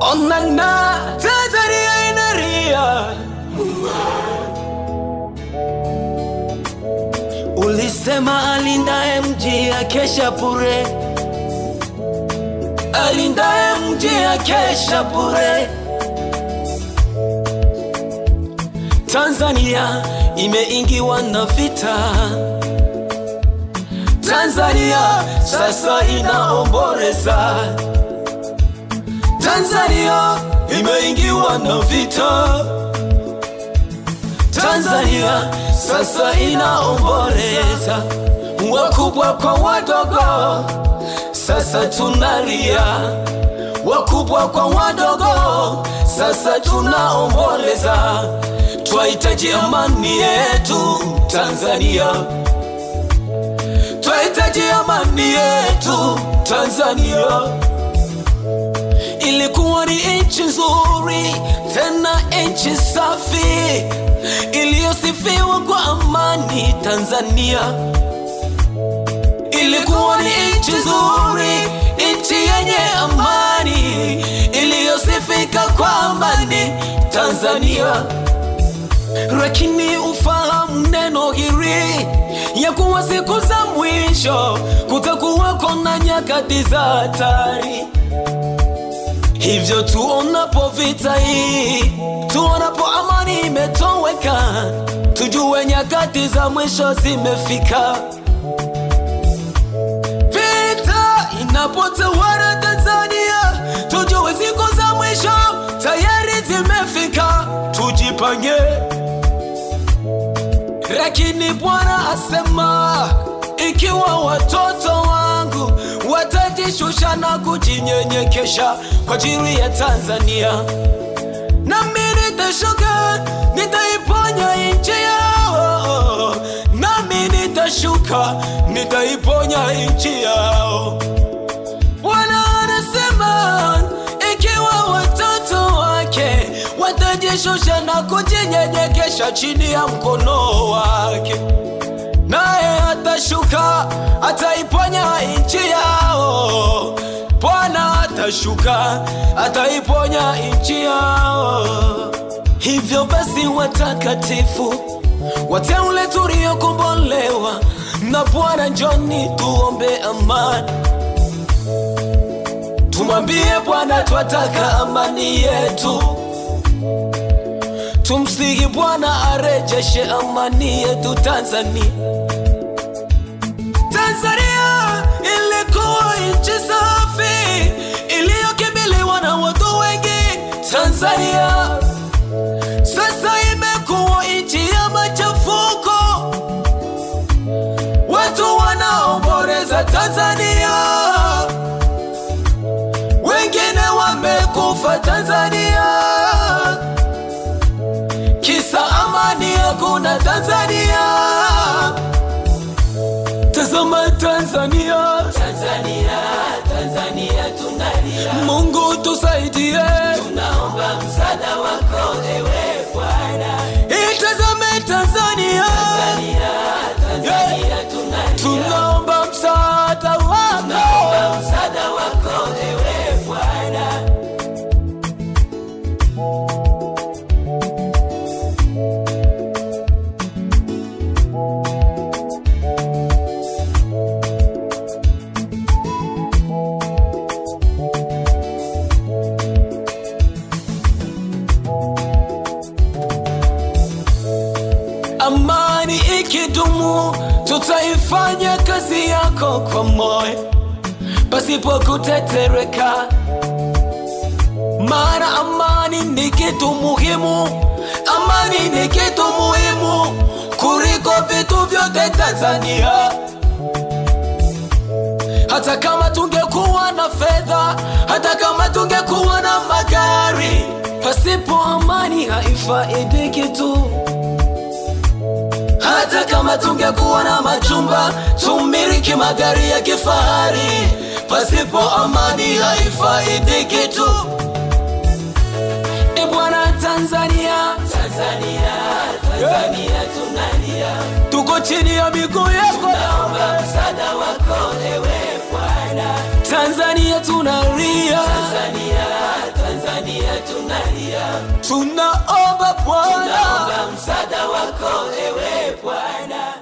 Onlarına Tanzania inalia. Ulisema alindaye mji akesha bure, alindaye mji akesha bure. Tanzania imeingiwa na vita. Tanzania sasa inaomboleza. Tanzania imeingiwa na vita. Tanzania sasa inaomboleza, wakubwa kwa wadogo sasa tunalia, wakubwa kwa wadogo sasa tunaomboleza. Twahitaji amani yetu Tanzania, twahitaji amani yetu Tanzania. Ingekuwa ni nchi nzuri tena nchi safi iliyosifiwa kwa amani, Tanzania ilikuwa ni nchi nzuri, nchi yenye amani iliyosifika kwa amani, Tanzania. Lakini ufahamu neno hiri ya kuwa siku za mwisho kutakuwa kuna nyakati za hatari hivyo tuonapo vita hii, tuonapo amani imetoweka, tujue nyakati za mwisho zimefika. Vita inapotawala Tanzania, tujue siku za mwisho tayari zimefika, tujipange. Lakini Bwana asema, ikiwa watoto wangu wata kujishusha na kujinyenyekesha kwa ajili ya Tanzania. Nami nitashuka, nitaiponya nchi yao, nami nitashuka, nitaiponya nchi yao. Bwana anasema ikiwa watoto wake watajishusha na kujinyenyekesha chini ya mkono wake atashuka, ataiponya nchi yao. Hivyo basi, watakatifu wateule tuliokombolewa na Bwana, njoni tuombe amani. Tumwambie Bwana twataka amani yetu, tumsihi Bwana arejeshe amani yetu Tanzania. Tanzania ilikuwa nchi safi Tanzania sasa imekuwa nchi ya machafuko, watu wanaomboreza Tanzania, wengine wamekufa Tanzania, kisa amani hakuna Tanzania. Tazama Tanzania Mungu tusaidie, tunaomba msaada wako ewe Bwana. Itazame, tazame Amani ikidumu, tutaifanya kazi yako kwa moyo pasipo kutetereka, mara amani ni kitu muhimu. Amani ni kitu muhimu kuliko vitu vyote Tanzania. Hata kama tungekuwa na fedha, hata kama tungekuwa na magari, pasipo amani haifaidi kitu. Hata kama tungekuwa na majumba, tumiliki magari ya kifahari, pasipo amani haifaidi kitu. E bwana Tanzania, Tanzania, Tanzania yeah. Tunalia, tuko chini ya miguu yako, tunaomba msaada wako ewe Bwana. Tanzania tunalia tunalia, tunaomba Bwana, tunaomba msaada wako ewe Bwana.